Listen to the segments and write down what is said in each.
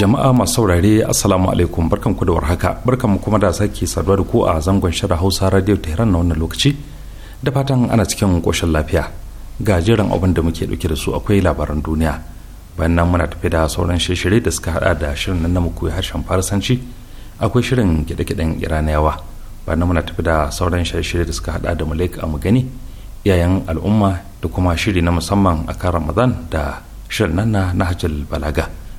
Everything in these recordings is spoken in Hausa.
jama'a masu saurare assalamu alaikum barkan ku da warhaka barkan mu kuma da sake saduwa da ku a zangon shirin hausa radio tehran na wannan lokaci da fatan ana cikin koshin lafiya ga jiran abin da muke dauke da su akwai labaran duniya bayan nan muna tafi da sauran shirye da suka hada da shirin nan na harshen farsanci akwai shirin gide-giden iraniyawa bayan nan muna tafi da sauran shirye da suka hada da malik a gani iyayen al'umma da kuma shiri na musamman a kan ramadan da shirin nan na hajjal balaga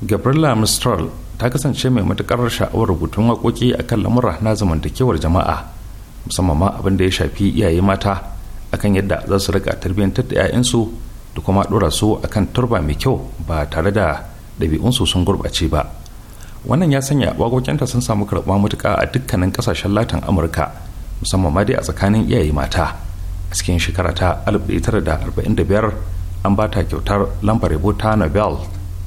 gabriela mistral ta kasance mai matukar sha'awar rubutun waƙoƙi a kan lamura na zamantakewar jama'a musamman ma abin da ya shafi iyaye mata akan yadda za su rika tarbiyyantar da 'ya'yansu da kuma ɗora su akan turba mai kyau ba tare da ɗabi'unsu sun gurɓace ba wannan ya sanya waƙoƙinta sun samu karɓa matuƙa a dukkanin ƙasashen latin amurka musamman ma dai a tsakanin iyaye mata a cikin shekara ta 1945 an ba ta kyautar lambar rubuta nobel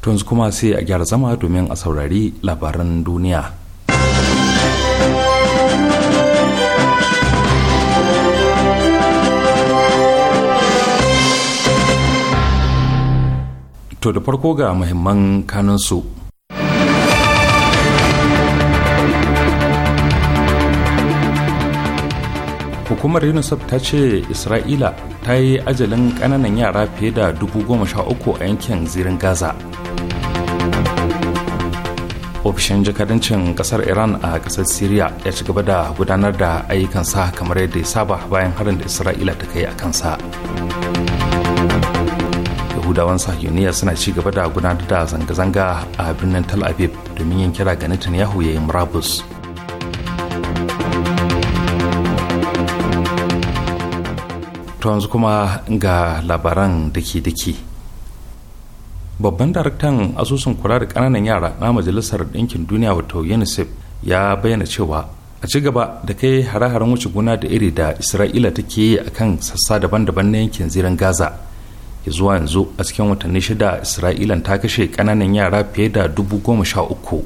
to yanzu kuma sai a gyara zama domin a saurari labaran duniya to da farko ga muhimman kanunsu hukumar unicef ta ce isra'ila ta yi ajalin ƙananan yara fiye da dubu goma sha uku a yankin zirin gaza ofishin jakadancin kasar iran a kasar syria ya ci gaba da gudanar da ayyukansa kamar yadda ya saba bayan harin da isra'ila ta kai a kansa yahudawan sahiyoniya suna ci gaba da gudanar da zanga-zanga a birnin tel aviv domin yin kira ga netanyahu ya yi murabus to yanzu kuma ga labaran dake-dake babban daraktan asusun kula da kananan yara na majalisar ɗinkin duniya wato unicef ya bayyana cewa a ci gaba da kai hare-haren wuce guna da iri da isra'ila take yi akan sassa daban-daban na yankin zirin gaza ya zuwa yanzu a cikin watanni shida isra'ila ta kashe kananan yara fiye da dubu goma sha uku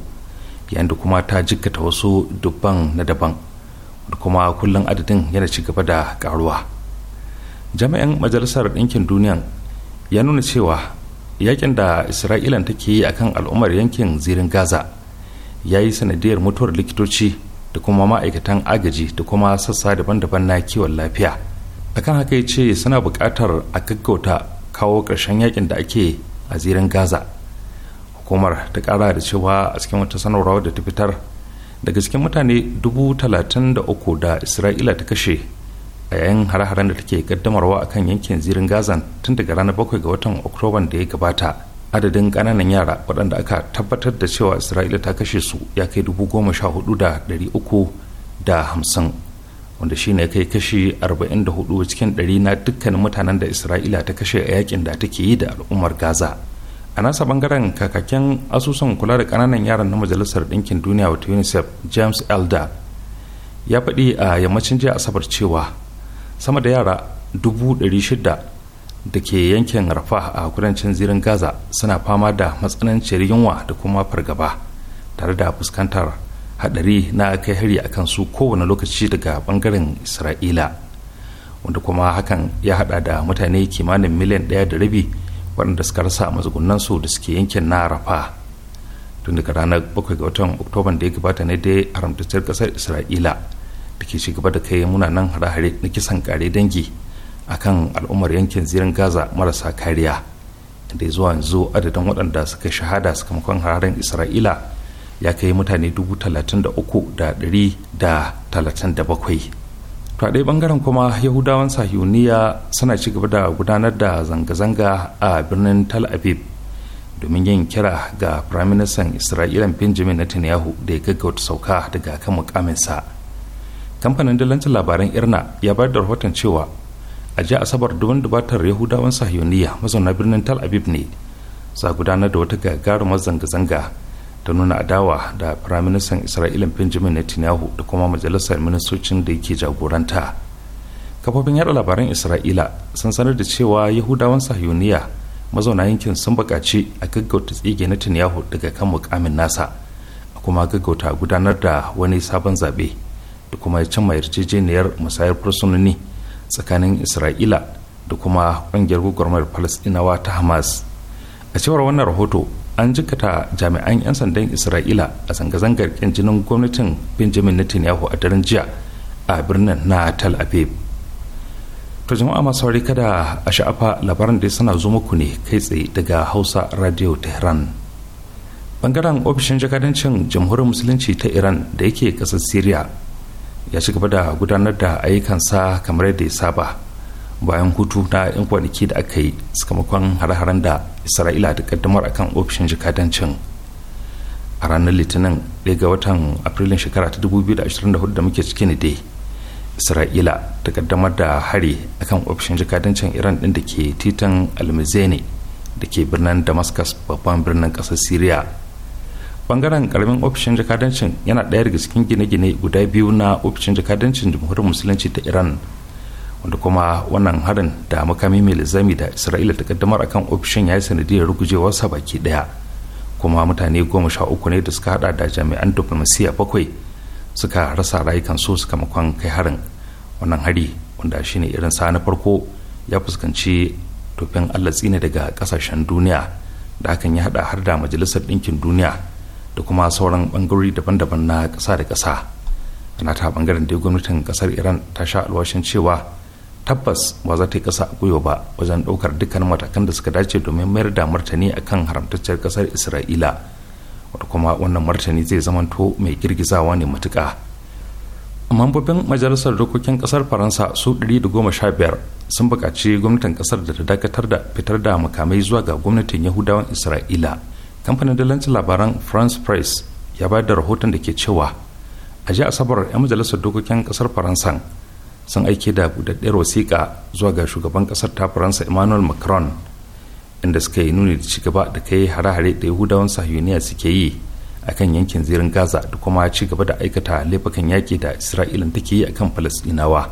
yayin da kuma ta jikkata wasu dubban na daban da kuma kullum adadin yana ci gaba da karuwa jami'an majalisar ɗinkin duniya ya nuna cewa yakin da isra'ilan take yi akan al'ummar yankin zirin gaza ya yi sanadiyar mutuwar likitoci da kuma ma'aikatan agaji da kuma sassa daban-daban na kiwon lafiya akan haka ya ce suna buƙatar a gaggauta kawo ƙarshen yakin da ake a zirin gaza hukumar ta ƙara da cewa a cikin wata sanarwa da ta fitar daga cikin mutane dubu talatin da uku da isra'ila ta kashe a yayin hare-haren da take kaddamarwa a kan yankin zirin gazan tun daga ranar bakwai ga watan oktoban da ya gabata adadin kananan yara waɗanda aka tabbatar da cewa isra'ila ta kashe su ya kai dubu goma sha hudu da ɗari uku da hamsin wanda shine ya kai kashi arba'in da hudu cikin ɗari na dukkanin mutanen da isra'ila ta kashe a yakin da take yi da al'ummar gaza a nasa bangaren kakakken asusun kula da kananan yaran na majalisar ɗinkin duniya wata unicef james elder ya faɗi a yammacin jiya asabar cewa sama da yara dubu shida da ke yankin rafa a kudancin zirin gaza suna fama da matsananciyar yunwa da kuma fargaba tare da fuskantar hadari na kai hari a kansu kowane lokaci daga bangaren isra'ila wanda kuma hakan ya hada da mutane kimanin miliyan ɗaya da rabi waɗanda suka rasa matsugunansu da suke yankin na rafa tun daga ranar 7 ga watan oktoban da ya gabata ne dai haramtacciyar ƙasar isra'ila da ke gaba da kai munanan hare-hare na kisan kare dangi a kan al'ummar yankin zirin gaza marasa kariya da zuwa yanzu adadin waɗanda suka shahada sakamakon hararen isra'ila ya kai mutane dubu talatin da uku da ɗari da talatin da bakwai to a ɗaya ɓangaren kuma yahudawan sahiyuniya suna ci gaba da gudanar da zanga-zanga a birnin tal aviv domin yin kira ga firaministan isra'ilan benjamin netanyahu da ya gaggauta sauka daga kan mukaminsa kamfanin dillancin labaran irna ya bayar da rahoton cewa a jiya asabar dubin dubatar yahudawan sahiyoniya mazauna birnin tal abib ne za gudanar da wata gagarumar zanga-zanga ta nuna adawa da firaministan isra'ilin benjamin netanyahu da kuma majalisar ministocin da yake jagoranta kafofin yada labaran isra'ila sun sanar da cewa yahudawan sahiyoniya mazauna yankin sun bukaci a gaggauta tsige netanyahu daga kan mukamin nasa a kuma gaggauta gudanar da wani sabon zaɓe da kuma cimma yarjejeniyar musayar fursunoni tsakanin isra'ila da kuma ƙungiyar gwagwarmar palestinawa ta hamas a cewar wannan rahoto an jikata jami'an 'yan sandan isra'ila a zanga-zangar kyan jinin gwamnatin benjamin netanyahu a daren jiya a birnin na tel aviv to jama'a masu saurari kada a sha'afa labaran da suna zo muku ne kai tsaye daga hausa radio tehran bangaren ofishin jakadancin jamhuriyar musulunci ta iran da yake ƙasar syria ya ci gaba da gudanar da ayyukansa kamar yadda ya saba bayan hutu na 'yan kwanaki da aka yi sakamakon hare-haren da isra'ila ta kaddamar akan ofishin jikadancin a ranar litinin daya ga watan afrilun shekara ta 2024 da muke cikin ne dai isra'ila ta kaddamar da hari akan ofishin jikadancin iran ɗin da ke titan almazene da ke birnin damascus babban birnin ƙasar syria bangaren karamin ofishin jakadancin yana ɗaya daga cikin gine-gine guda biyu na ofishin jakadancin jamhuriyar musulunci ta iran wanda kuma wannan harin da makami mai lizami da isra'ila ta kaddamar akan ofishin ya yi sanadiyar rugujewarsa baki ɗaya kuma mutane goma sha uku ne da suka hada da jami'an diplomasiya bakwai suka rasa rayukansu sakamakon kai harin wannan hari wanda shine irin sa na farko ya fuskanci tofin allah tsine daga kasashen duniya da hakan ya hada har da majalisar ɗinkin duniya da kuma sauran bangarori daban-daban na ƙasa da ƙasa ana ta bangaren da gwamnatin ƙasar iran ta sha alwashin cewa tabbas ba za ta yi ƙasa a gwiwa ba wajen ɗaukar dukkan matakan da suka dace domin mayar da martani a kan haramtacciyar ƙasar isra'ila wata kuma wannan martani zai zamanto mai girgizawa ne matuƙa mambobin majalisar dokokin kasar faransa su 115 sun buƙaci gwamnatin kasar da ta dakatar da fitar da makamai zuwa ga gwamnatin yahudawan isra'ila kamfanin dalancin labaran france press ya bayar da rahoton da ke cewa a ji asabar 'yan majalisar dokokin kasar faransa sun aike da budaddiyar wasiƙa zuwa ga shugaban kasar ta faransa emmanuel macron inda suka yi nuni da cigaba da kai hare-hare da yahudawan sahiyoniya suke yi a kan yankin zirin gaza da kuma ci gaba da aikata laifukan yaƙi da ta take yi a kan falasɗinawa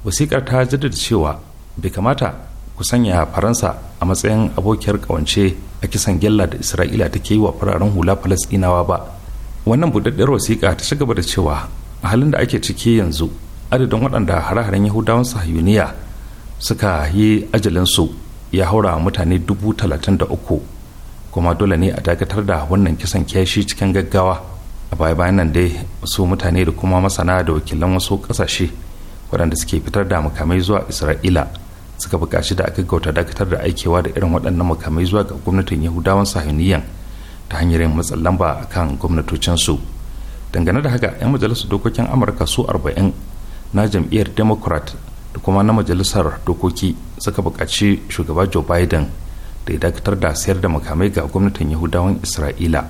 wasiƙar ta jaddada cewa bai kamata ku sanya faransa a matsayin abokiyar kawance a kisan gyalla da isra'ila ta ke yi wa fararen hula falasɗinawa ba wannan budaddiyar wasiƙa ta ci gaba da cewa a halin da ake ciki yanzu adadin waɗanda hare-haren yahudawan sahiyuniya suka yi ajalinsu ya haura mutane dubu talatin da uku kuma dole ne a dakatar da wannan kisan kyashi cikin gaggawa a baya bayan nan dai wasu mutane da kuma masana da wakilan wasu ƙasashe waɗanda suke fitar da makamai zuwa isra'ila suka buƙaci da aka gauta dakatar da aikewa da irin waɗannan makamai zuwa ga gwamnatin yahudawan sahiniyan ta hanyar yin matsin lamba a kan gwamnatocinsu dangane da haka 'yan majalisar dokokin amurka su arba'in na jam'iyyar democrat da kuma na majalisar dokoki suka buƙaci shugaba joe biden da ya dakatar da sayar da makamai ga gwamnatin yahudawan isra'ila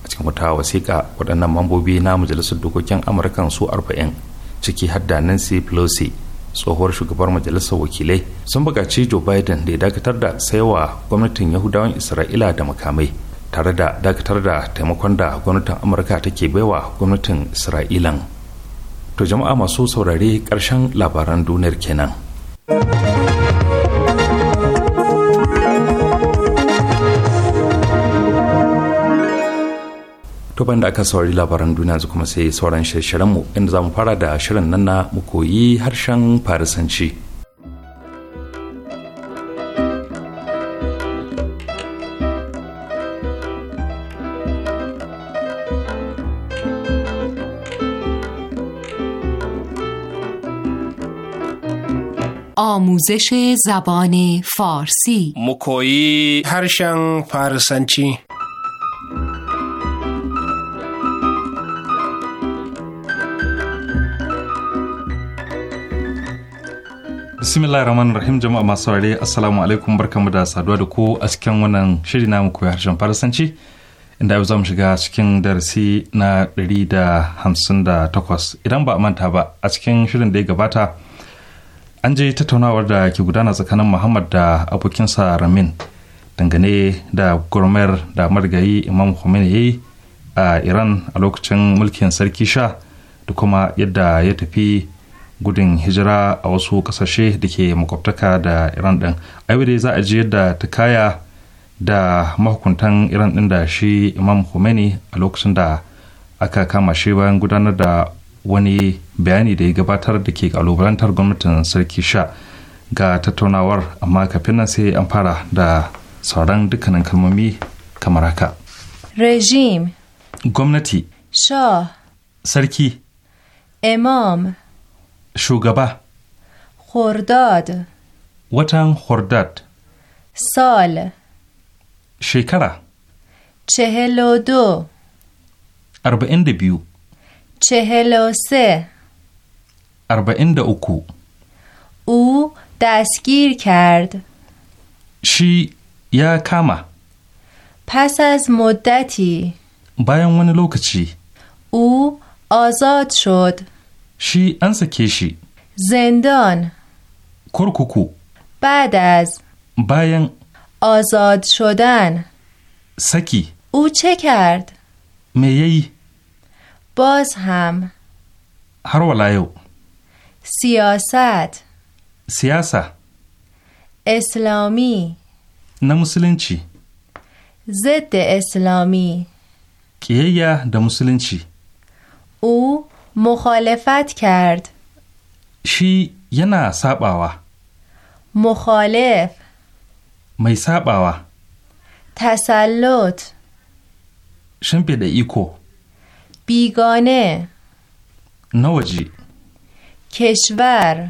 a cikin wata wasiƙa waɗannan mambobi na majalisar dokokin amurka su arba'in ciki har da nancy pelosi tsohuwar shugabar majalisar wakilai sun buƙaci joe biden da ya dakatar da saiwa gwamnatin yahudawan isra'ila da makamai tare da dakatar da taimakon da gwamnatin amurka take baiwa gwamnatin isra'ilan to jama'a masu saurare ƙarshen labaran duniyar kenan. to da aka saurari labaran duniya zu kuma sai sauran shirin mu inda za mu fara da shirin nan na mu koyi harshen farisanci آموزش زبان فارسی مکویی هرشن فارسنچی bismillah rahman rahim jama'a masu saurare assalamu alaikum barkamu da saduwa da ku a cikin wannan shiri na mu koyi harshen farasanci inda yau za mu shiga cikin darasi na da da hamsin 158 idan ba a manta ba a cikin shirin da ya gabata an je tattaunawar da ke gudana tsakanin muhammad da abokinsa ramin dangane da gurmer da marigayi imam khomeini ya yi a iran a lokacin mulkin sarki sha da kuma yadda ya tafi gudun hijira a wasu kasashe da ke makwabtaka da iran din aibidai za a ji yadda ta kaya da mahukuntan iran din da shi imam khomeini a lokacin da aka kama shi bayan gudanar da wani bayani da ya gabatar da ke kalubalantar gwamnatin sarki sha ga tattaunawar amma kafin nan sai an fara da sauran dukkanin kalmomi kamar haka. Regime. Gwamnati. Shah. Sarki. Imam. shugaba Khordad watan Khordad sal shekara chehelo do arba'in da biyu chehelo se arba'in da uku u dasgir kard shi ya kama fasas az bayan wani lokaci u azad shod Shi an sake shi. Zendon. Kurkuku. Badaz. Bayan. Azad shodan. Saki. Ucekad. ce Me yayi? Boz ham. Har wala yau. Siyasat. Siyasa. Islami. Na musulunci. Zidda Islami. Ƙiyayya da musulunci. U. مخالفت کرد شی ینا ساباوا مخالف می ساباوا تسلط بده ایکو بیگانه نوجی کشور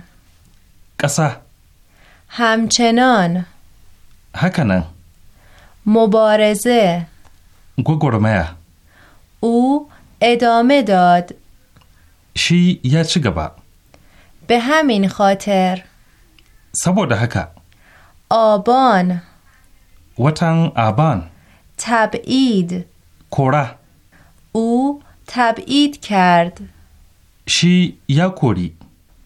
قسا همچنان هکنن مبارزه گوگرمه او ادامه داد shi ya ci gaba. Behamin, hamin khater. Saboda haka. Aban. Watan Aban. Tab'id. Kora. U tab'id kard. Shi ya kori.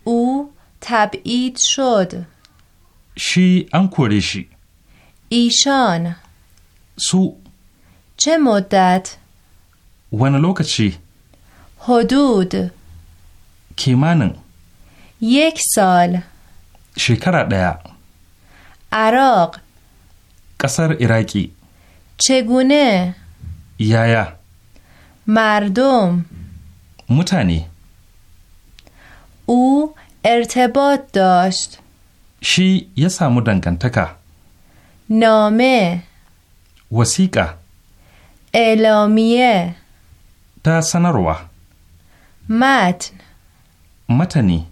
U tab'id shod. Shi an kore shi. Ishan. Su. چه مدت؟ وان لوکچی حدود kimanin yek shekara ɗaya arok ƙasar iraki cegune yaya mardum mutane u ertebot dasht shi ya samu dangantaka Nome. wasiƙa elamiye ta sanarwa Mat! متنی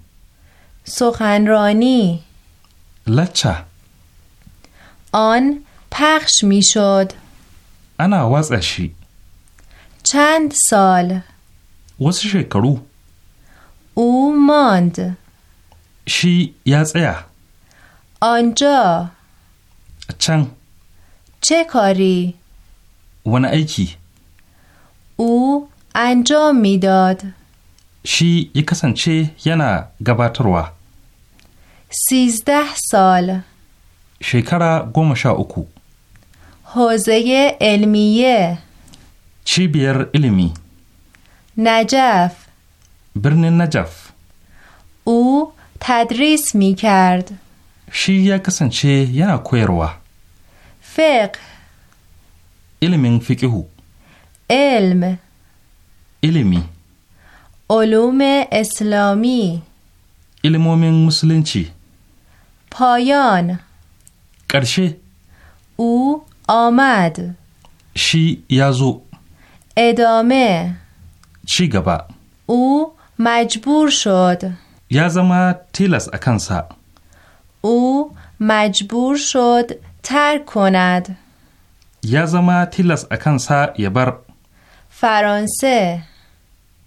سخنرانی لچه آن پخش می شد انا وزشی چند سال وزش کرو او ماند شی یزعه آنجا چن چه کاری؟ ون ایکی او انجام میداد. shi ya kasance yana gabatarwa. Sizdeh sal. Shekara goma sha uku. Hozaye ilmiye. Cibiyar ilimi. Najaf. Birnin Najaf. U tadris Shi ya kasance yana koyarwa. Fiqh. Ilimin fiqihu. Elm. Ilimi. علوم اسلامی من مسلنچی پایان قرشه او آمد شی یازو ادامه چی گبا او مجبور شد یازما تیلس اکنسا او مجبور شد ترک کند یازما تیلس اکنسا یبر فرانسه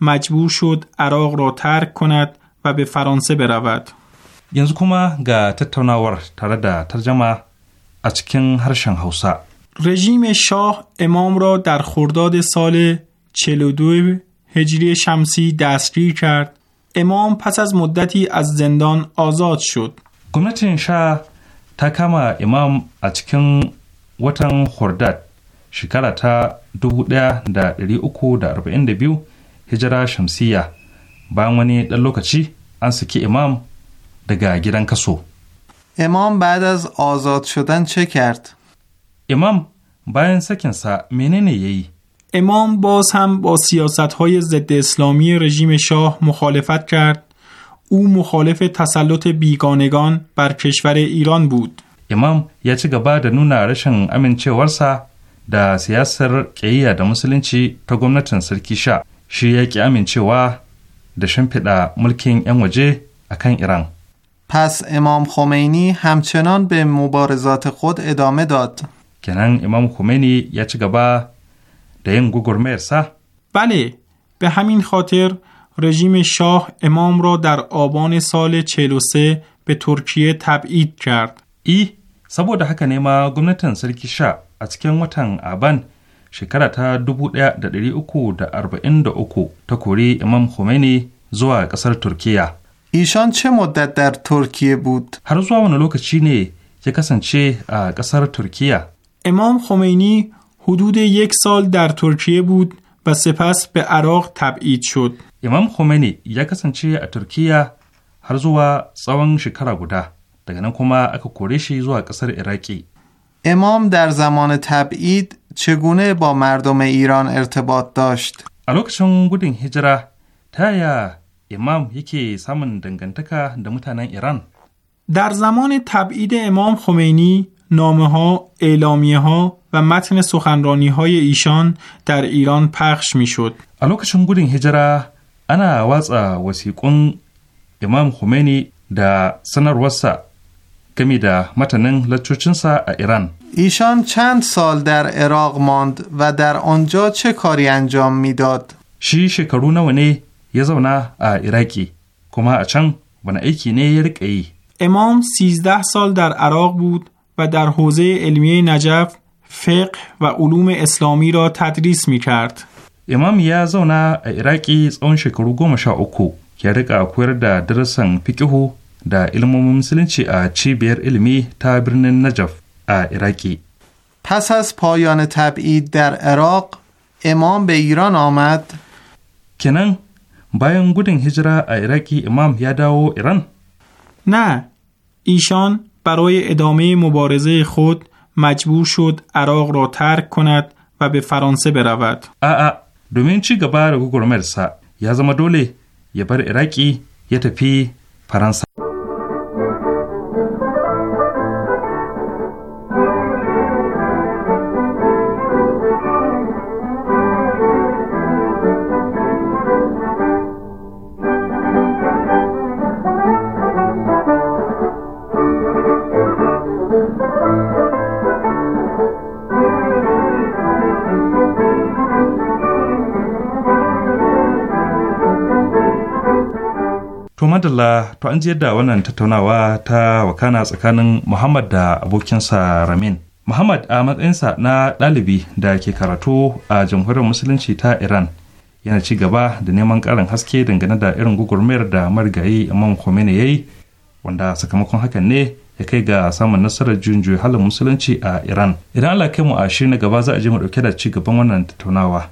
مجبور شد عراق را ترک کند و به فرانسه برود. یانزو کما گا تتوناور تردا ترجمه اچکن هرشن هوسا رژیم شاه امام را در خرداد سال 42 هجری شمسی دستگیر کرد. امام پس از مدتی از زندان آزاد شد. گمت شاه تکما امام اچکن وطن خرداد شکلتا دو بوده در ریوکو در hijira shamsiyya bayan wani ɗan lokaci an saki imam daga gidan امام بعد از آزاد شدن چه کرد؟ امام باین سکنسا مننه یی امام باز هم با سیاست های ضد اسلامی رژیم شاه مخالفت کرد او مخالف تسلط بیگانگان بر کشور ایران بود امام یا چی گبا نو نونا رشن امن چه ورسا دا سیاسر قیه دا چی تا گمنتن سرکی شا شی یا کی امینچو د شنپده ملک ین وجه ایران پس امام خومینی همچنان به مبارزات خود ادامه داد کینا امام خومینی یا چی گبه د ین گگر بله به همین خاطر رژیم شاه امام را در آبان سال چلو سه به ترکیه تبعید کرد ای سبود هکه نیما گمنتین سرکی شا ا چیکین وتن ابن shekara ta 1343 ta kori Imam Khomeini zuwa ƙasar Turkiyya. ایشان چه مدت در ترکیه بود؟ هر wani lokaci ne ya kasance a ƙasar Turkiyya. Imam خمینی حدود یک سال در ترکیه بود و سپس به عراق تبعید شد. kasance a Turkiyya har zuwa tsawon shekara guda. Daga nan kuma aka kore shi zuwa ƙasar Iraki. امام در زمان تبعید چگونه با مردم ایران ارتباط داشت؟ الوکشون گودین هجره تایا امام یکی سامن دنگنتکا دمتان ایران در زمان تبعید امام خمینی نامه ها اعلامیه ها و متن سخنرانی های ایشان در ایران پخش می شد گودین هجره انا وزا وسیقون امام خمینی در سنر وسا کمی ده متنن لچوچنسا ایران ایشان چند سال در عراق ماند و در آنجا چه کاری انجام میداد؟ شی و نه یزونا ایراکی کما اچن نی ایکی نه ای امام سیزده سال در عراق بود و در حوزه علمیه نجف فقه و علوم اسلامی را تدریس می کرد. امام یزونا ایراکی از اون شکرون گمشا شا اوکو که در درسن پیکهو da ilmomin musulunci a cibiyar ilimi ta birnin najaf a iraki پس از پایان تبعید در عراق امام به ایران آمد کنن بایان گودن هجرا ایراکی امام یاداو ایران نه ایشان برای ادامه مبارزه خود مجبور شد عراق را ترک کند و به فرانسه برود آ دومین چی گبار گوگرمرسا یا زما دوله یه بر ایراکی یه تپی فرانسه To madalla to an ji yadda wannan tattaunawa ta wakana tsakanin Muhammad da abokinsa Ramin. Muhammad a matsayinsa na ɗalibi da ke karatu a jamhuriyar musulunci ta Iran yana ci gaba da neman ƙarin haske dangane da irin gugurmayar da marigayi Imam Khomeini ya yi wanda sakamakon hakan ne ya kai ga samun nasarar juyin halin musulunci a Iran. Idan Allah kai mu a shi na gaba za a je mu ɗauke da ci gaban wannan tattaunawa.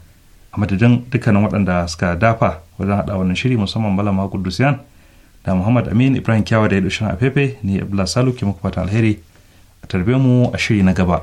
A madadin dukkanin waɗanda suka dafa wajen haɗa wannan shiri musamman Malama Kudusiyan. da muhammad amin ibrahim kyawa da ya dushe a afefe ne abdullahi salu ke muku fatan alheri a tarbe mu a shiri na gaba.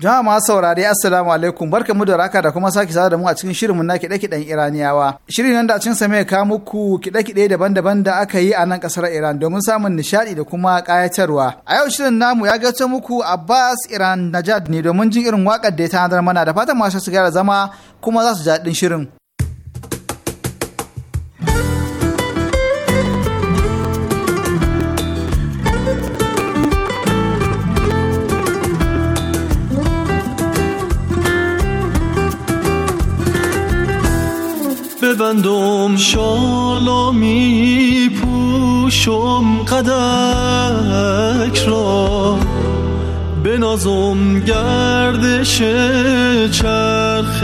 Jama'a masu saurare Assalamu alaikum mu da raka da kuma sake sada da mu a cikin shirinmu na kiɗe-kiɗen Iraniyawa. Shirin nan da cin sa mai kawo muku kiɗe-kiɗe daban-daban da aka yi a nan ƙasar Iran domin samun nishaɗi da kuma ƙayatarwa. A yau shirin namu ya gaci muku Abbas Iran Najad ne domin jin irin waƙar da ya tanadar mana da fatan masu su gyara zama kuma za su ji shirin. میبندم شالا پوشم قدک را به نازم گردش چرخ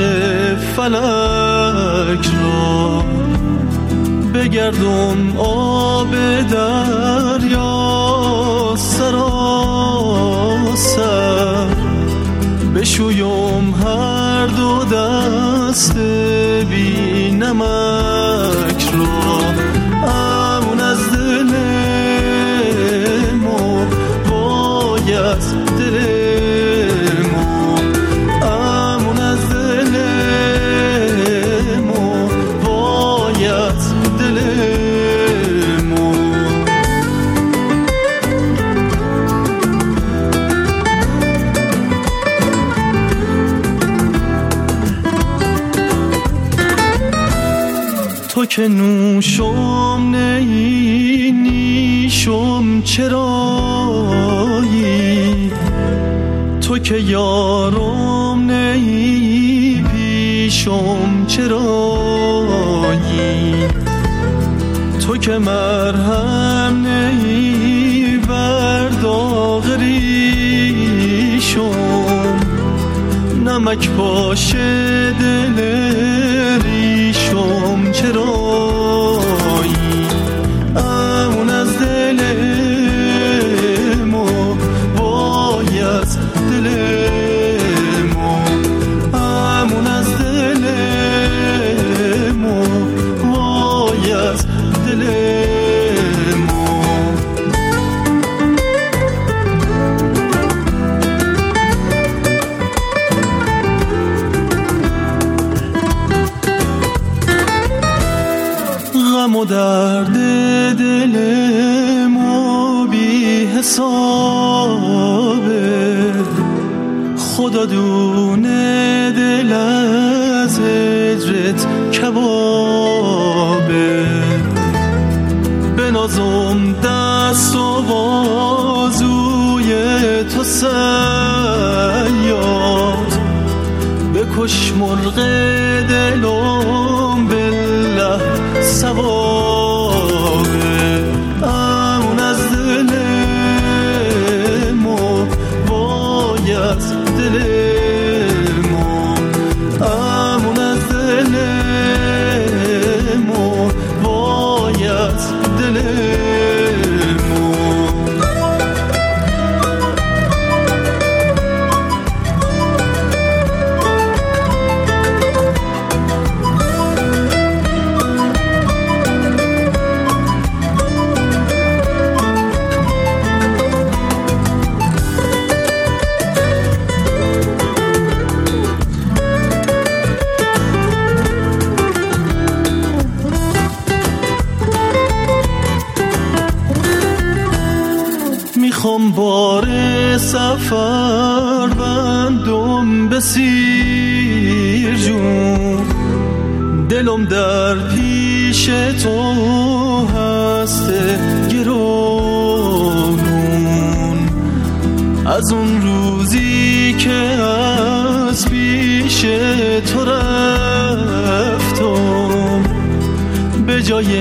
فلک را بگردم آب دریا سراسر بشویم هر دو دسته namah. تو هست گرانون از اون روزی که از پیش تو رفتم به جای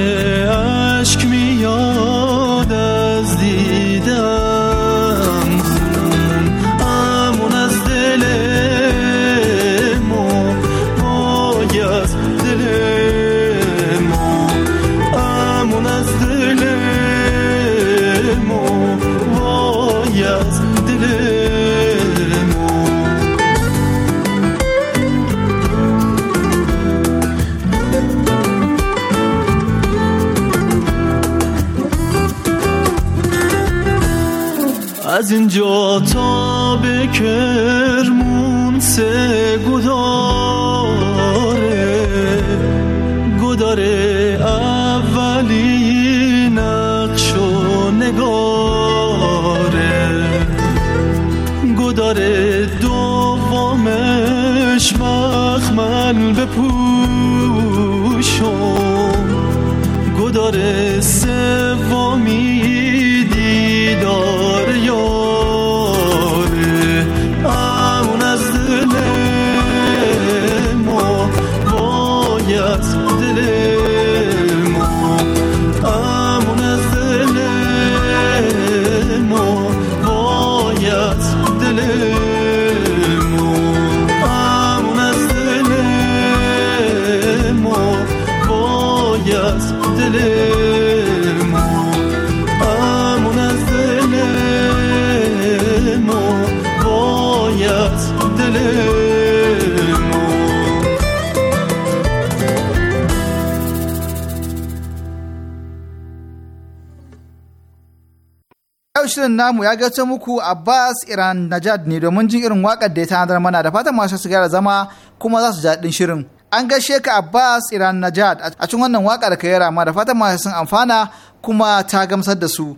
از اینجا تا به کرمون سه گداره گداره اولی نقش و نگاره گداره دومش مخمل به گداره سه yau shirin namu ya gaci muku Abbas Iran Najad ne domin jin irin wakar da ya tanadar mana da fatan masu su gara zama kuma za su ji daɗin shirin. An gaishe ka Abbas Iran Najad a cikin wannan waka da ka yi rama da fatan masu sun amfana kuma ta gamsar da su.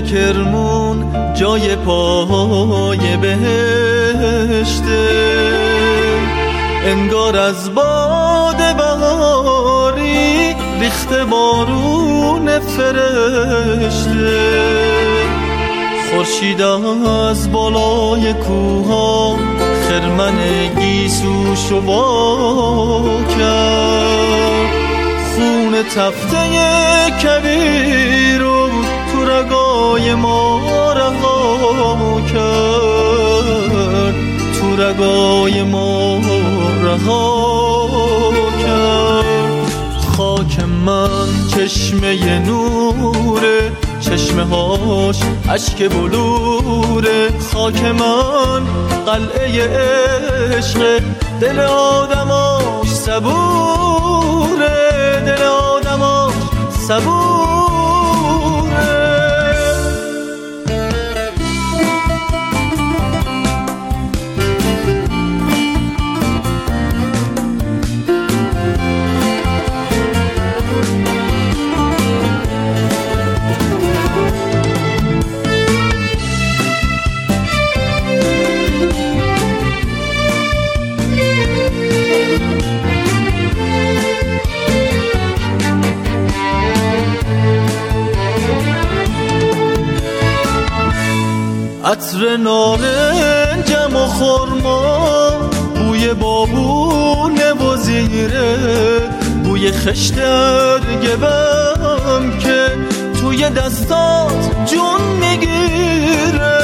کرمون جای پاهای بهشته انگار از باد بهاری ریخته بارون فرشته خورشید از بالای کوها خرمن گیسو شبا کرد خون تفته کبیر برای ما مو کرد تو رگای ما رها کرد خاک من چشمه نوره چشمه هاش عشق بلوره خاک من قلعه عشق دل آدماش صبوره دل آدماش صبوره عطر نارنجم و خورما بوی بابونه و زیره بوی خشت گبم که توی دستات جون میگیره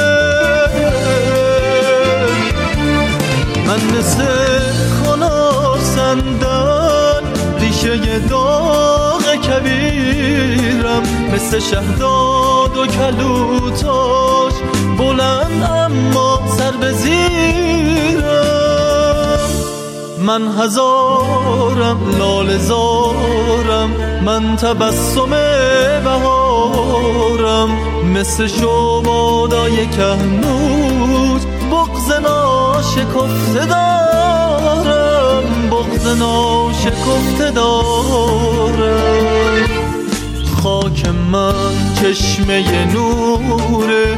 من مثل خونا سندن ریشه داغ کبیرم مثل شهداد و کلوتاش بلند اما سر به زیرم من هزارم لال زارم من تبسم بهارم مثل شبادای نور بغز کفته دارم بغز ناشکفته دارم خاک من چشمه نوره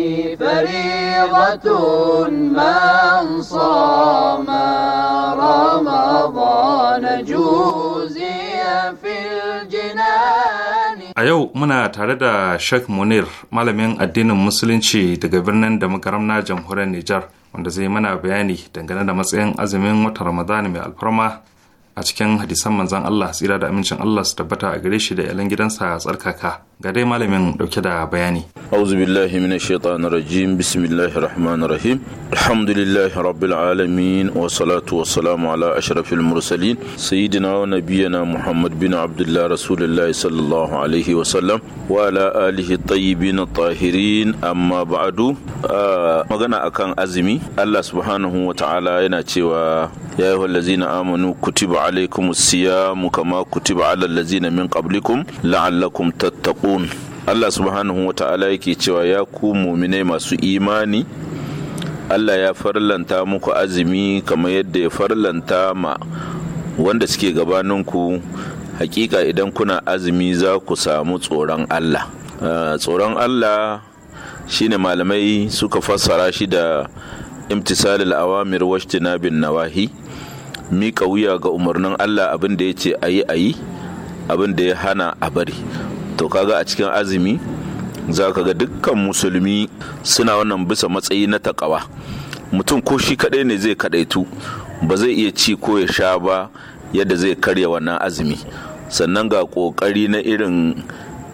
من صام رمضان جوزيا في الجنان A yau muna tare da Sheikh Munir, malamin addinin Musulunci daga birnin da makaram na jamhuriyar Nijar, wanda zai mana bayani dangane da matsayin azumin watan Ramadan mai alfarma a cikin hadisan manzan Allah tsira da amincin Allah su tabbata a gare shi da 'yalan gidansa a tsarkaka. Ga dai malamin dauke da bayani. أعوذ بالله من الشيطان الرجيم بسم الله الرحمن الرحيم الحمد لله رب العالمين والصلاة والسلام على أشرف المرسلين سيدنا ونبينا محمد بن عبد الله رسول الله صلى الله عليه وسلم وعلى آله الطيبين الطاهرين أما بعد magana akan azumi Allah subhanahu wa ta'ala yana cewa ya yi wallazina amanu kutiba alaikum siyamu kama kutiba alal lazina min qablikum la'allakum tattaqun Allah subhanahu wa ta'ala yake cewa ya ku muminai masu imani Allah ya farlanta muku azumi kamar yadda ya farlanta ma wanda suke gabaninku hakika idan kuna azumi za ku samu tsoron Allah ah, tsoron Allah shine malamai suka fassara shi da imtisalil awamir washtina bin nawahi miƙa wuya ga umarnin Allah abin da ya ce ayi ayi abin da ya hana a bari to kaga a cikin azumi za ka ga dukkan musulmi suna wannan bisa matsayi na takawa mutum ko shi kaɗai ne zai kaɗaitu ba zai iya ci ko ya sha ba yadda zai karya wannan azumi sannan ga ƙoƙari na irin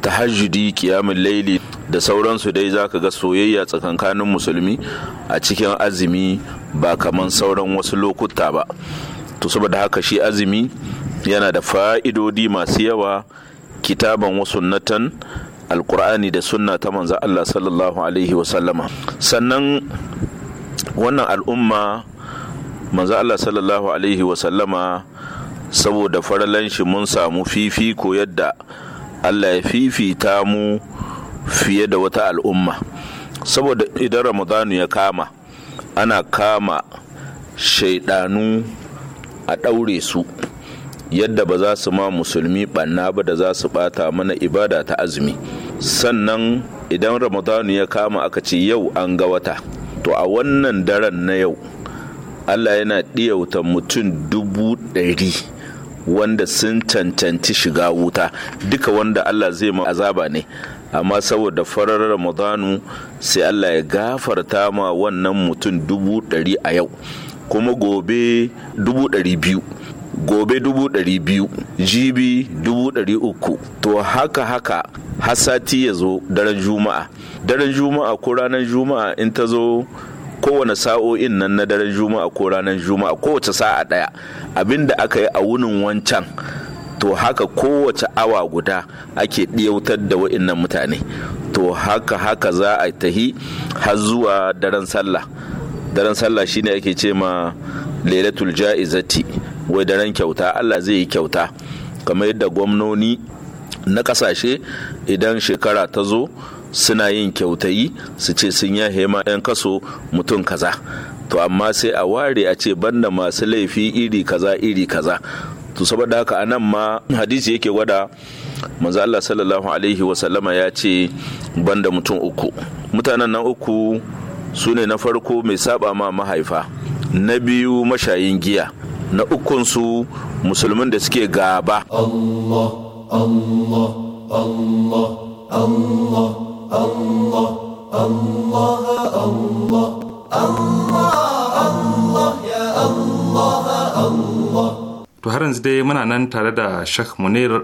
tahajjudi kiyamin laili da sauransu dai za ka ga soyayya tsakankanin musulmi a cikin azumi ba kaman sauran wasu lokuta ba to saboda haka shi azumi yana da fa'idodi masu yawa kitaban wasu natan alkur'ani da sunna ta manza Allah sallallahu alaihi wasallama sannan wannan al'umma manza Allah sallallahu alaihi wasallama saboda faralan shi mun samu fifiko yadda Allah ya fifita mu fiye da wata al'umma saboda idan ramadanu ya kama ana kama shaidanu a ɗaure su yadda ba za su ma musulmi banna ba da za su bata mana ibada ta azumi sannan idan ramadanu ya kama aka ce yau an ga wata to a wannan daren na yau allah yana ɗiyauta mutum dubu ɗari wanda sun cancanci shiga wuta duka wanda allah zai ma azaba ne amma saboda farar ramadanu sai allah ya gafarta ma wannan mutum dubu ɗari a yau kuma gobe dubu ɗari biyu gobe dubu dari biyu jibi dubu dari uku to haka haka hasati ya zo daren juma'a daren juma'a ko ranar juma'a in ta zo kowane sa'o'in nan na daren juma'a ko ranar juma'a kowace sa'a ɗaya abinda aka yi a wunin wancan to haka kowace awa guda ake ɗiyautar da wa'innan mutane to haka haka za a tahi har zuwa daren sallah daren sallah shine ake ce ma lailatul ja'izati wai daren kyauta Allah zai yi kyauta kamar yadda gwamnoni na kasashe idan shekara ta zo suna yin kyautayi su ce sun ya hema 'yan kaso mutum kaza to amma sai a ware a ce banda masu laifi iri kaza iri kaza to saboda haka anan ma hadisi yake gwada manzo Allah sallallahu alaihi wa sallama ya ce banda mutum uku mutanen nan uku su ne na farko mai saba ma mahaifa na biyu mashayin giya na ukunsu musulmin da suke gaba Allah Allah Allah Allah Allah Allah Allah Allah Allah ya Allah Allah to har yanzu dai muna nan tare da Sheikh Munir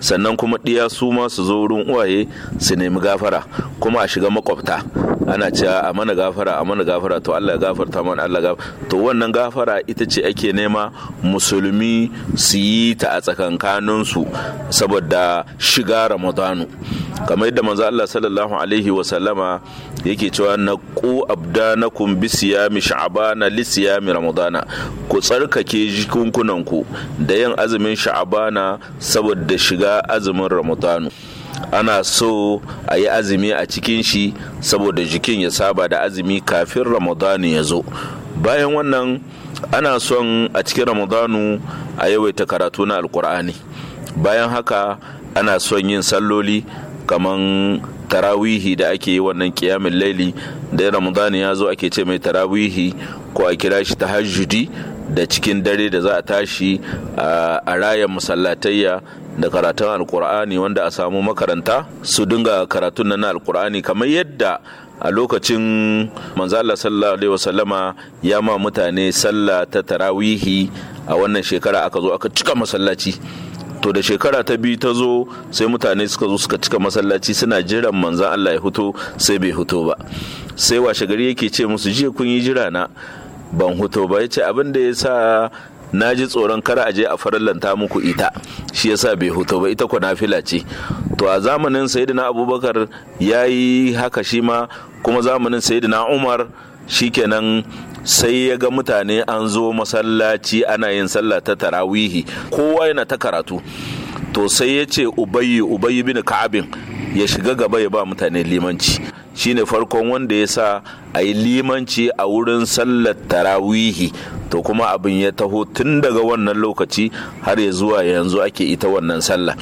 sannan kuma ɗiya su ma su zo wurin uwaye su nemi gafara kuma a shiga makwabta ana cewa a mana gafara a mana gafara to Allah ya gafarta mana Allah gafara to wannan gafara ita ce ake nema musulmi su yi ta a tsakankanin su saboda shiga Ramadanu kamar yadda manzo Allah sallallahu alaihi wa sallama yake cewa na ku na kumbi siyami sha'bana li siyami ramadana ku tsarkake jikunkunanku da yin azumin sha'abana saboda shiga azumin ramadanu ana so a yi azumi a cikin shi saboda jikin ya saba da azumi kafin ramadanu ya zo bayan wannan ana son a cikin ramadanu a yawaita karatu na alkur'ani bayan haka ana son yin salloli kaman tarawihi da ake yi wannan kiyamin laili da ramadan ya zo ake ce mai tarawihi ko a kira shi ta tahajjudi da cikin dare da za a tashi a rayan masallatayya da karatun alkur'ani wanda a samu makaranta su dinga karatun nan alkur'ani kamar yadda a lokacin manzala sallallahu alaihi wasallama ya ma mutane sallah ta tarawihi a wannan shekara aka zo aka cika masallaci to da shekara ta biyu ta zo sai mutane suka zo suka cika masallaci suna jiran manzan Allah ya fito sai bai fito ba sai washe gari yake ce musu jiya kun yi jira na ban fito ba ya ce abin da ya sa na ji tsoron kar a je a farallanta muku ita shi yasa bai hoto ba ita ku nafila ce to a zamanin sayyidina abubakar ya yi haka shi ma kuma zamanin sayyidina umar Shi kenan sai ya ga mutane an zo masallaci ana yin sallah ta tarawihi kowa yana ta karatu to sai ya ce ubayi ubayi bin ka'abin ya shiga gaba ya ba mutane limanci shine farkon wanda ya sa a yi limanci a wurin sallar tarawihi to kuma abin ya taho tun daga wannan lokaci har ya zuwa yanzu ake ita wannan sallah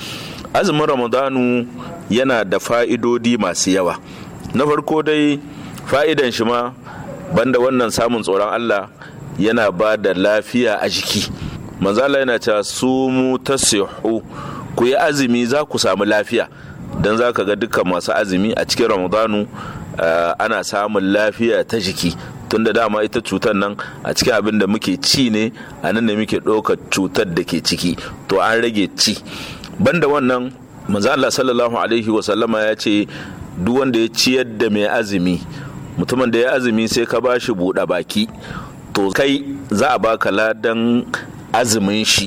azumin ramadanu yana da fa'idodi masu yawa na farko dai fa'idan shi ma banda wannan samun tsoron Allah yana ba da lafiya a jiki manzala yana cewa su mu ta ku yi azumi za ku samu lafiya don za ka ga dukkan masu azumi a cikin ramadanu eh, ana samun lafiya ta jiki Tunda dama ita cutar nan a cikin abin da muke ci ne a nan da muke ɗaukar cutar da ke ciki to an rage ci banda wannan manzo Allah sallallahu alaihi wasallama ya ce duk wanda ya ciyar da mai azumi mutumin da ya azumi sai ka bashi buɗa baki to kai za a baka ladan azumin shi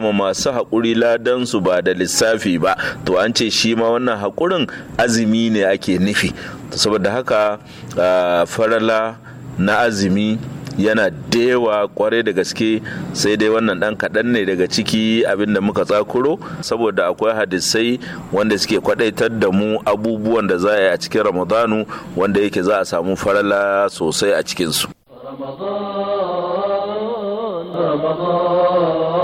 ma masu haƙuri ladansu ba da lissafi ba to an ce shi ma wannan haƙurin azumi ne ake nufi saboda haka farala na azumi yana dewa kwarai da gaske sai dai wannan dan kaɗan ne daga ciki abin da muka tsakuro saboda akwai hadisai wanda suke kwadaitar da mu abubuwan da za a yi a cikin ramadanu wanda yake za a samu farala sosai a cikinsu ramadan, ramadan.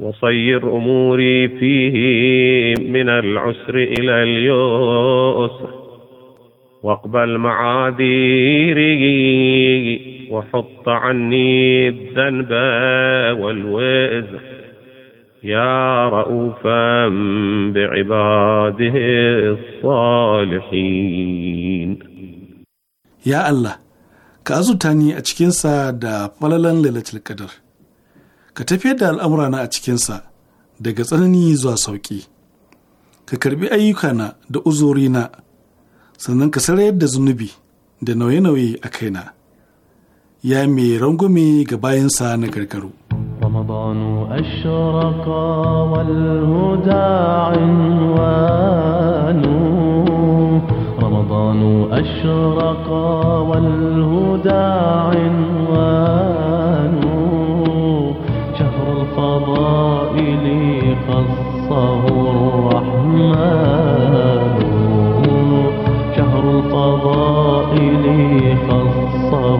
وصير أموري فيه من العسر إلى اليسر واقبل معاذيري وحط عني الذنب والوزر يا رؤوفا بعباده الصالحين يا الله كأزو تاني ni a cikinsa ليلة القدر ka tafiyar da al'amurana a cikinsa daga tsanani zuwa sauƙi ka karbi ayyukana da uzurina sannan ka sarayar da zunubi da nauye-nauye a kaina ya mai rangume ga bayansa na gargaru رمضان أشرق والهدى عنوان رمضان أشرق والهدى عنوان الرحمن شهر خصه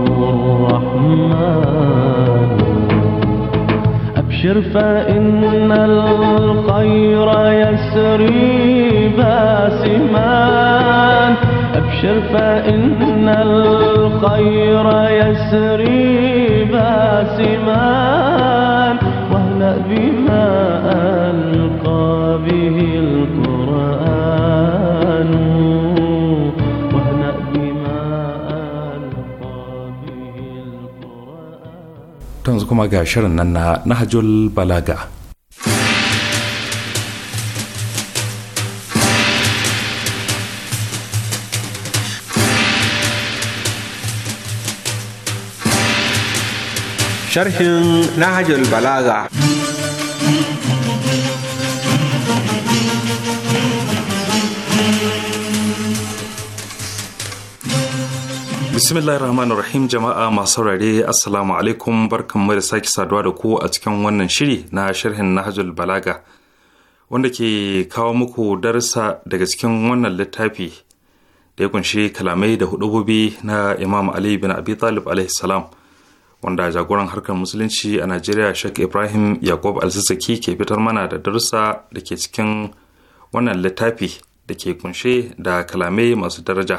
الرحمن أبشر فإن الخير يسري باسمان أبشر فإن الخير يسري باسمان واهلأ بما آه yanzu kuma ga shirin nan na Nahajul Balaga. Sharhin Nahajul Balaga. Bismillahir Rahmanir Rahim jama'a masu saurare Assalamu alaikum barkanmu da sake saduwa da ku a cikin wannan shiri na sharhin Nahjul Balaga wanda ke kawo muku darussa daga cikin wannan littafi da ya kunshi kalamai da hudubobi na Imam Ali bin Abi Talib alaihi salam wanda jagoran harkar musulunci a Najeriya Sheikh Ibrahim Yakub Alsisaki ke fitar mana da darussa da ke cikin wannan littafi da ke kunshe da kalamai masu daraja.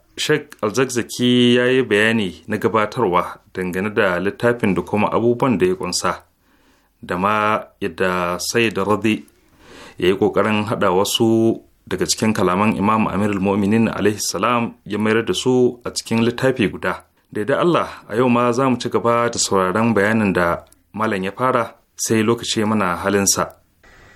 Sheikh Alzakzaki ya yi bayani na gabatarwa dangane da littafin da kuma abubuwan da ya kunsa, da ma yadda sai da radi ya yi ƙoƙarin haɗa wasu daga cikin kalaman Imam Amir al-Mu'minin salam ya mayar da su a cikin littafi guda. Da Allah a yau ma za mu ci gaba da sauraron bayanin da Malam ya fara sai lokaci mana halinsa.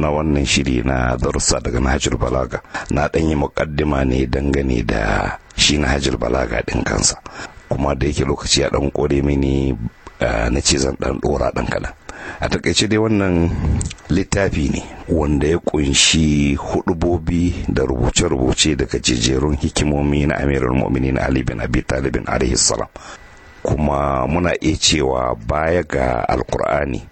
na wannan shiri na darussa daga Nahajir Balaga na ɗan yi muƙaddima ne dangane da shi Nahajir Balaga ɗin kansa kuma da yake lokaci a ɗan kore mini na ce zan ɗan ɗora ɗan a takaice dai wannan littafi ne wanda ya ƙunshi hudubobi da rubuce-rubuce daga jijerun hikimomi na amirar mu'minin ali bin abi talibin alaihi salam kuma muna iya cewa baya ga alkur'ani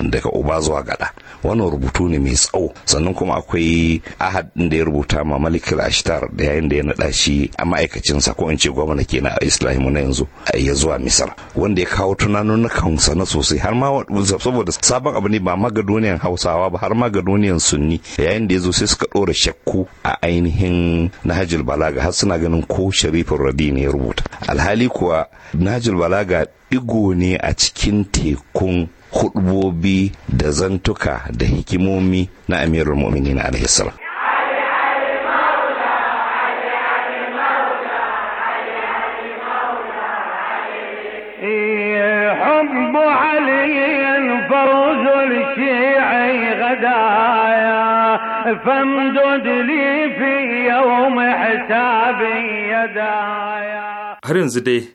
daga uba zuwa gada wannan rubutu ne mai tsawo sannan kuma akwai ahad din da ya rubuta ma malikul ashtar da yayin da ya naɗa shi a ma'aikacinsa ko in ce gwamna kenan a islamu na yanzu ya zuwa misar wanda ya kawo tunanin na sosai har ma saboda sabon abu ne ba magadoniyan hausawa ba har magadoniyan sunni yayin da ya zo sai suka ɗora shakku a ainihin nahajul balaga har suna ganin ko sharifin radi ne ya rubuta alhali kuwa nahajul balaga digo ne a cikin tekun hudubobi da zantuka da hikimomi na amirul mu'minin alaihi salam har yanzu dai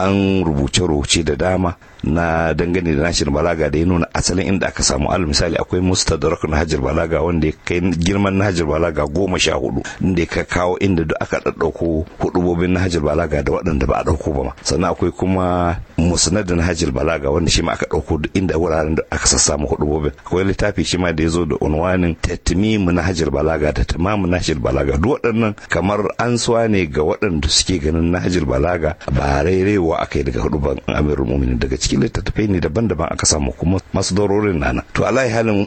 an rubuce-rubuce da dama na dangane da nashin balaga da ya nuna asalin inda aka samu al misali akwai musta da na hajar balaga wanda ya kai girman na hajar balaga goma sha hudu inda ya kawo inda duk aka ɗaɗɗauko hudubobin na hajar balaga da waɗanda ba a ɗauko ba ma sannan akwai kuma musnadin hajjil balaga wanda shi ma aka ɗauko inda wuraren da aka sassa hudu hudubobin akwai littafi shi ma da ya zo da unwanin tatmimu na hajjil balaga da tamamu na hajjil balaga duk waɗannan kamar an suwa ne ga waɗanda suke ganin na hajjil balaga ba rairewa aka yi daga ban amirul mu'minin daga cikin littattafai ne daban-daban aka samu kuma masu dororin nana to alai halin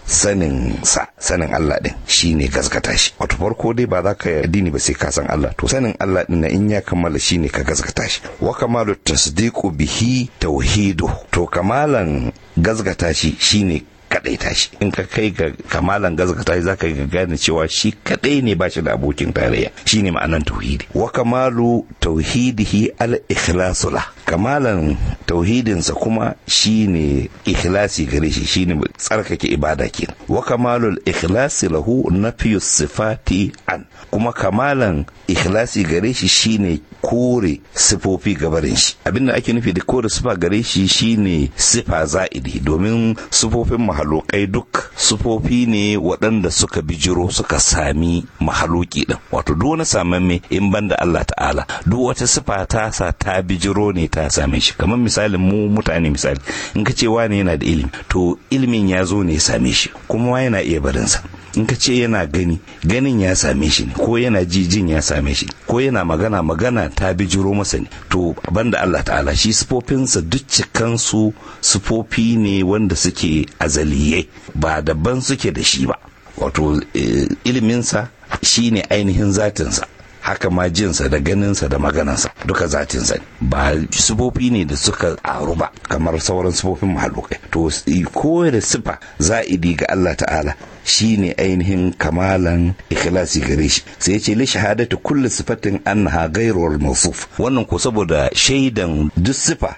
sanin sa sanin Allah din shine gazgata shi wato farko dai ba za ka yi addini ba sai ka san Allah to sanin Allah din na in ya kammala shine ka gazgata shi wa kamalu tasdiqu bihi tauhidu to kamalan gazgata shi shine kadai tashi in ka kai ga kamalan gazgata za zaka ga gane cewa shi kadai ne ba shi da abokin tarayya shine ma'anan tauhidi wa kamalu tauhidihi al ikhlasu la kamalan tauhidinsa kuma shine ikhlasi gare shi shine tsarkake ibada ke wa kamalul ikhlasi lahu nafiyu sifati an kuma kamalan ikhlasi gare shi shine kore sifofi gabarin shi abinda ake nufi da kore sifa gare shi shine sifa za'idi domin sifofin mahalokai duk sifofi ne waɗanda suka bijiro suka sami mahaloki din wato duk wani samamme in banda Allah ta'ala duk wata sifa ta sa ta bijiro ne ta ka same shi kamar misalin mu mutane misali in ka ce wane yana da ilimi to ilimin ya zo ne ya same shi kuma yana iya barinsa in ka ce yana gani ganin ya same shi ne ko yana jijin ya same shi ko yana magana magana ta bijiro masa ne to banda Allah ta'ala shi sufofinsa duk cikansu sufofi ne wanda suke azaliye ba daban suke da shi ba wato eh, iliminsa shi ne ainihin zatinsa haka ma jinsa da ganinsa da maganansa duka zatin sani. ba sufofi ne da suka aru ba kamar sauran sufofin mahalukai to kowane sifa za'idi ga Allah ta'ala shi ne ainihin kamalan ikhlasi gare shi sai ce li shahadatu kulli sifatin annaha gairuwar mawsuf wannan ko saboda shaidan duk sifa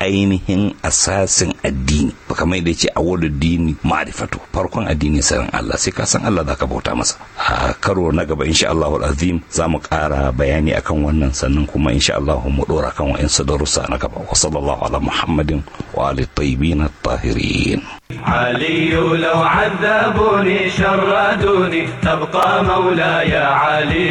ainihin asasin addini ba kamar yadda ce a wadda dini ma'arifato farkon addini sanin Allah sai ka san Allah zaka bauta masa a karo na gaba insha Allahu azim za mu kara bayani akan wannan sannan kuma insha Allahu mu dora kan wa'ansu darussa na gaba wa sallallahu ala muhammadin wa ali tayyibin at-tahirin علي لو عذبوني شردوني تبقى مولاي علي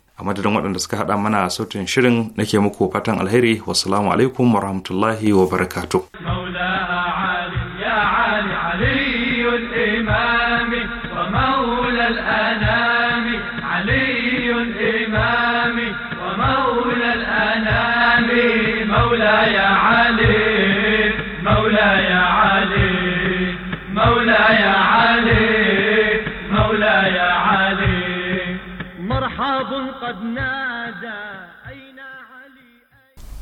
a madadin waɗanda suka haɗa mana sautin shirin nake muku fatan alheri wasu alaikum warahmatullahi barakatuh.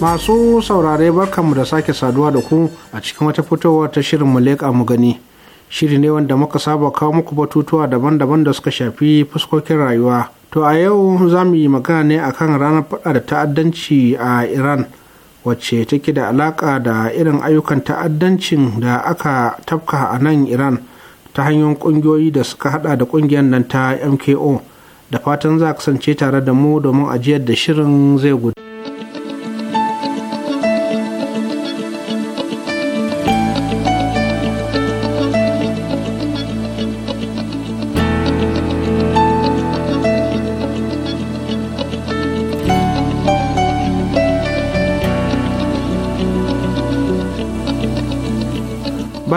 masu saurare barkanmu da sake saduwa da ku a cikin wata fitowa ta shirin mu a mu gani shiri ne wanda muka saba kawo muku batutuwa daban-daban da suka shafi fuskokin rayuwa to a yau za mu yi magana ne akan ranar fada da ta'addanci a iran wacce take da alaka da irin ayyukan ta'addancin da aka tafka a nan iran ta hanyoyin ƙungiyoyi da suka hada da kungiyar nan ta mko da fatan za kasance tare da mu domin ajiyar da shirin zai gudu.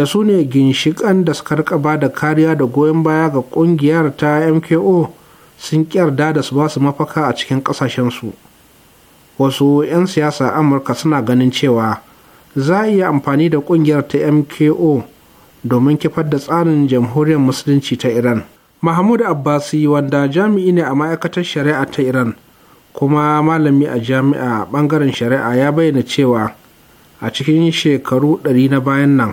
da su ne ginshikan da suka rika ba da kariya da goyon baya ga kungiyar ta mko sun kyarda da su basu mafaka a cikin kasashensu wasu 'yan siyasa amurka suna ganin cewa za a iya amfani da kungiyar ta mko domin kifar da tsarin jamhuriyar musulunci ta iran mahmud abbasi wanda jami'i ne a ma'aikatar shari'a ta iran kuma malami a jami'a bangaren shari'a ya bayyana cewa a cikin shekaru 100 na bayan nan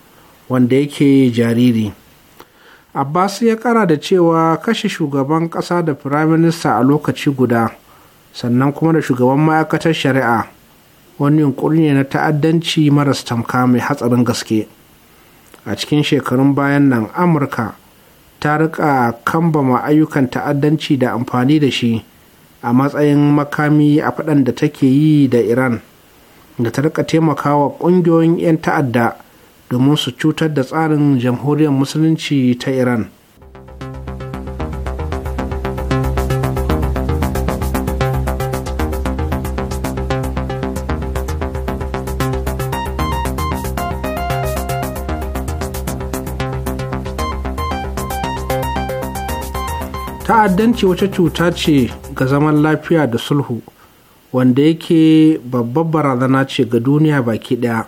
wanda yake jariri abbas ya kara da cewa kashe shugaban kasa da firaminista a lokaci guda sannan kuma da shugaban ma'aikatar shari'a wani yunkuri ne na ta'addanci maras tamka mai hatsarin gaske a cikin shekarun bayan nan amurka ta rika kambama ayyukan ta'addanci da amfani da shi a matsayin makami a faɗan da take yi da iran da ta rika taimakawa ƙungiyoyin 'yan ta'adda domin su cutar da tsarin jamhuriyar musulunci ta iran ta'addanci wata cuta ce ga zaman lafiya da sulhu wanda yake babbar barazana ce ga duniya baki daya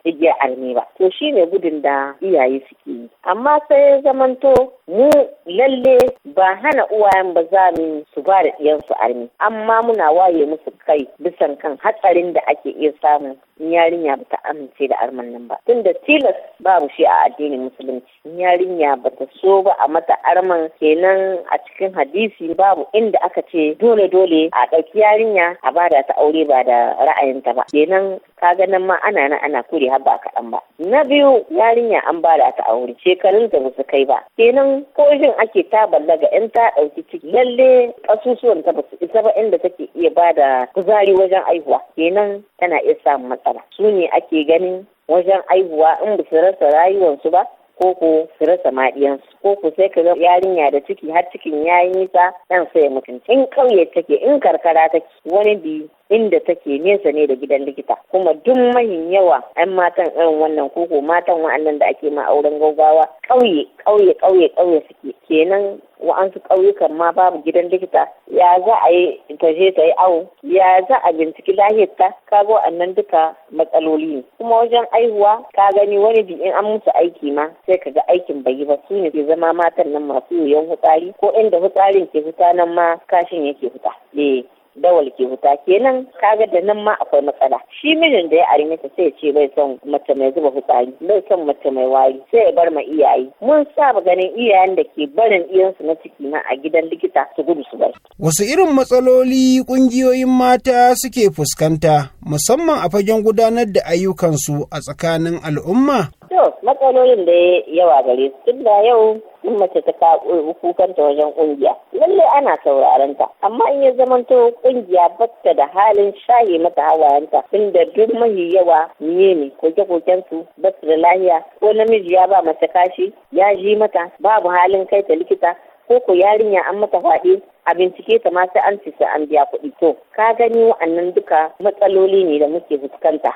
igiyar armi ba to shi ne gudun da iyaye suke yi amma sai zamanto mu lalle ba hana uwayen ba za mu su ba da ɗiyansu arme amma muna waye musu kai bisan kan hatsarin da ake iya samu yarinya ba ta amince da arman nan ba tun da tilas babu shi a addinin musulunci yarinya ba ta so ba a mata arman kenan a cikin hadisi babu inda aka ce dole dole a ɗauki yarinya a bada ta aure ba da ra'ayinta ba kenan ka ganin ma ana nan ana kuri aure har ba kaɗan ba na biyu yarinya an ba da ta aure shekarun da basu kai ba kenan ko jin ake ta ga in ta ɗauki ciki lalle ƙasusuwan ta basu isa ba inda take iya ba da kuzari wajen aihuwa kenan tana iya samun matsala su ne ake ganin wajen aihuwa in basu rasa rayuwarsu ba koko su rasa maɗiyansu koko sai ka ga yarinya da ciki har cikin yayi nisa ɗan sai mutum in ƙauye take in karkara take wani bi inda take nesa ne da gidan likita kuma duk mahin yawa an matan irin wannan koko matan wa'annan da ake ma auren gaugawa ƙauye ƙauye ƙauye ƙauye suke kenan wa'ansu ƙauyukan ma babu gidan likita ya za a yi ta je ta yi awo ya za a binciki ta ka ga wa'annan duka matsaloli ne kuma wajen aihuwa ka gani wani bi in an musu aiki ma sai ka ga aikin bai yi ba su ne ke zama matan nan masu yoyon hutsari ko inda hutsarin ke fita nan ma kashin yake fita E! dawal ke huta kenan kaga da nan ma akwai matsala shi mijin da ya arme ta sai ce bai son mace mai zuba fitsari bai son mace mai wari sai ya bar ma iyaye mun sa ba ganin iyayen da ke barin iyansu na ciki na a gidan likita su gudu su bar wasu irin matsaloli kungiyoyin mata suke fuskanta musamman a fagen gudanar da ayyukansu a tsakanin al'umma To, matsalolin da yawa gare su tun da yau in mace ta ka kukanta wajen kungiya. lalle ana sauraron ta, amma in ya zamanto kungiya bata da halin shaye mata hawayenta da duk mahi yawa niye ne koke koken su basu da lahiya ko namiji ya ba mace kashi ya ji mata babu halin kai ta likita ko ko yarinya an mata faɗi a bincike ta ma sai an ci an biya kuɗi to ka gani wa'annan duka matsaloli ne da muke fuskanta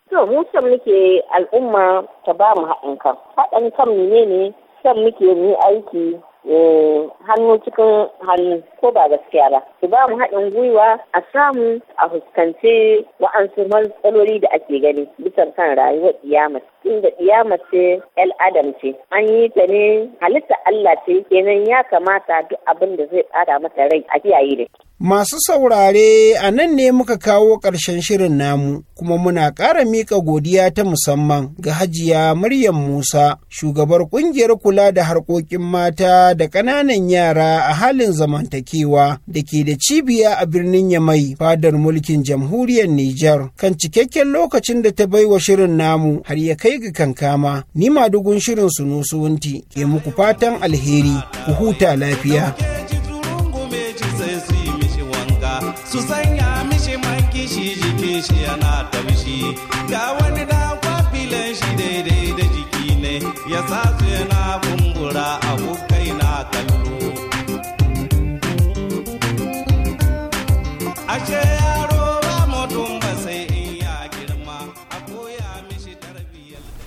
To mu son muke al'umma ta ba mu haɗin kan. Haɗin kan ne ne son muke mu aiki eh, hannu cikin hannu. ko ba gaskiya ba su ba mu haɗin gwiwa a samu a fuskanci wa'ansu matsaloli da ake gani bisa kan rayuwar kiyama inda kiyama ce el adam ce an yi ta ne halitta Allah ce kenan ya kamata duk abin da zai ƙara mata rai a kiyaye da Masu saurare a nan ne muka kawo ƙarshen shirin namu kuma muna ƙara mika godiya ta musamman ga hajiya Maryam Musa shugabar ƙungiyar kula da harkokin mata da ƙananan yara a halin zamantake. kewa da ke da cibiya a birnin Yamai fadar mulkin jamhuriyar Nijar kan cikakken lokacin da ta baiwa shirin namu har ya kai ga kankama ni madugun shirin wunti ke muku fatan alheri ku huta lafiya. su sanya ga wani da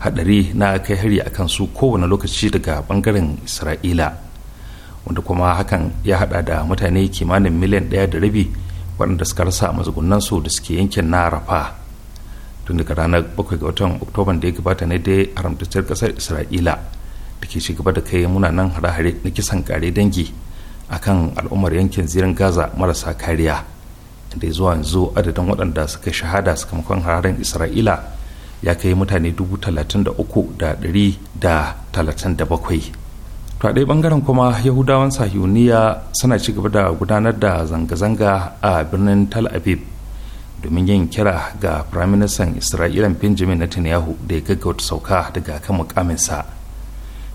hadari na kai hari akan su kowane lokaci daga bangaren isra'ila wanda kuma hakan ya hada da mutane kimanin miliyan ɗaya da rabi waɗanda suka rasa a mazugunan su da suke yankin na rafa tun daga ranar 7 ga watan oktoban da ya gabata ne dai haramtacciyar ƙasar isra'ila da ke gaba da kai munanan hare-hare na kisan kare dangi akan al'ummar yankin zirin gaza marasa kariya da zuwa yanzu adadin waɗanda suka shahada sakamakon hararen isra'ila ya kai mutane dubu talatin da uku da ɗari da talatin da bakwai to a ɗaya ɓangaren kuma yahudawan sahiyuniya suna ci gaba da gudanar da zanga-zanga a birnin tal aviv domin yin kira ga firaministan isra'ila benjamin netanyahu da ya gaggauta sauka daga kan mukaminsa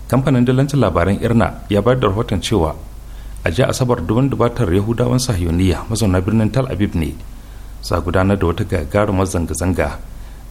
kamfanin dalancin labaran irna ya bayar da rahoton cewa a jiya asabar domin dubatar yahudawan sahiyoniya mazauna birnin tal aviv ne za gudanar da wata gagarumar zanga-zanga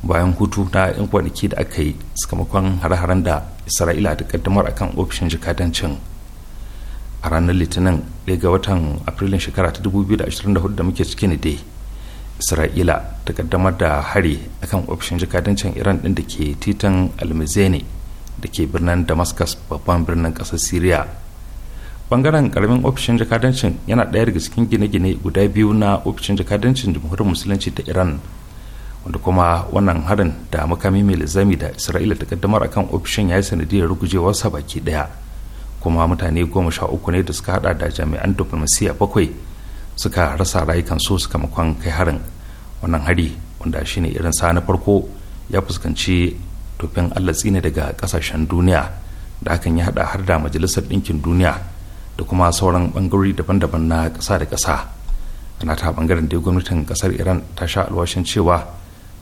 bayan hutu na 'yan kwanaki da aka yi sakamakon hare-haren da isra'ila ta kaddamar akan ofishin jikadancin a ranar litinin ɗaya ga watan afrilun shekara ta 2024 da muke cikin ne isra'ila ta kaddamar da hari akan ofishin jikadancin iran ɗin da ke titan almazene da ke birnin damascus babban birnin ƙasar syria bangaren karamin ofishin jakadancin yana ɗaya daga cikin gine-gine guda biyu na ofishin jakadancin jamhuriyar musulunci ta iran wanda kuma wannan harin da makami mai lizami da isra'ila ta kaddamar akan ofishin ya yi sanadiyar rugujewarsa baki daya kuma mutane goma sha uku ne da suka hada da jami'an diplomasiya bakwai suka rasa rayukan su makon kai harin wannan hari wanda shine irin sa na farko ya fuskanci tofin allah tsini daga kasashen duniya da hakan ya hada har da majalisar ɗinkin duniya da kuma sauran bangarori daban-daban na ƙasa da ƙasa ana ta bangaren da gwamnatin ƙasar iran ta sha alwashin cewa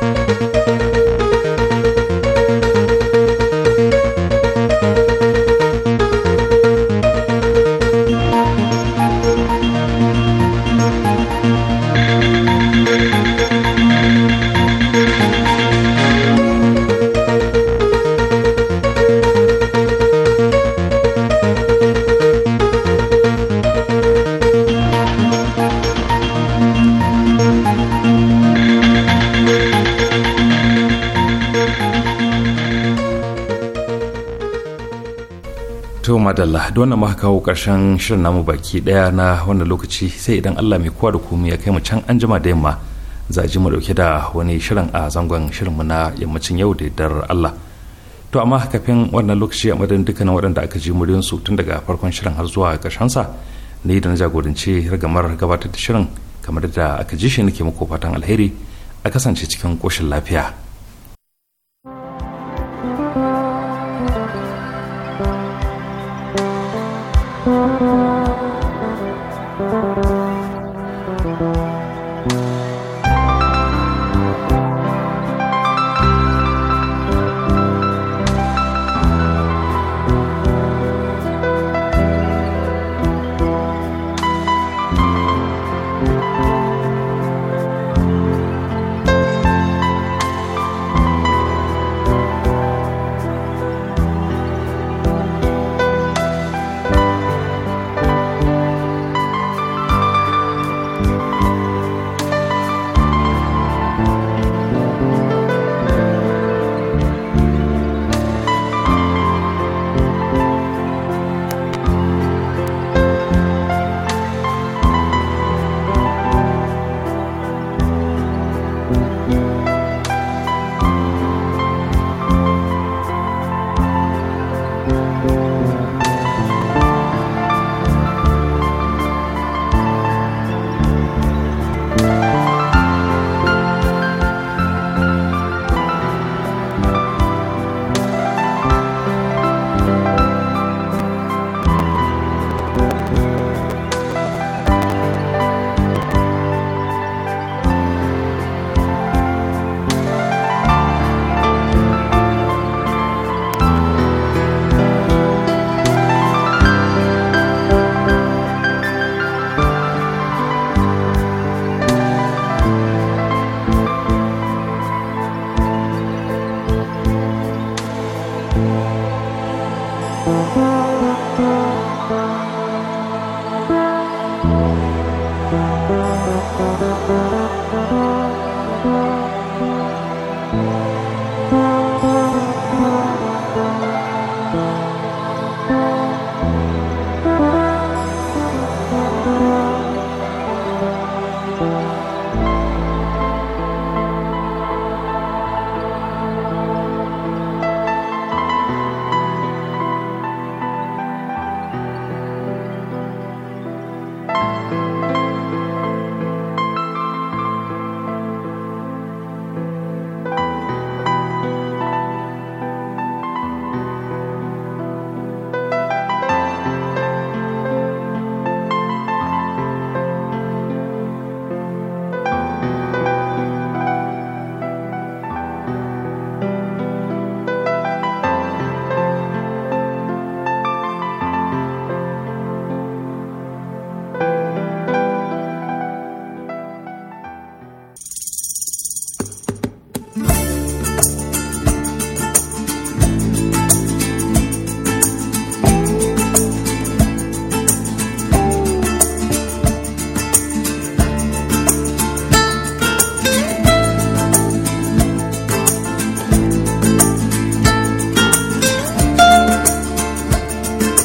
Música da wannan muka kawo karshen shirin namu baki ɗaya na wannan lokaci sai idan Allah mai kowa da komai ya kai mu can an jima da yamma za ji mu dauke da wani shirin a zangon shirin mu na yammacin yau da dar Allah to amma kafin wannan lokaci a madadin dukkanin waɗanda aka ji muryin su tun daga farkon shirin har zuwa karshen sa ni da na jagoranci ragamar gabatar da shirin kamar da aka ji shi nake muku fatan alheri a kasance cikin koshin lafiya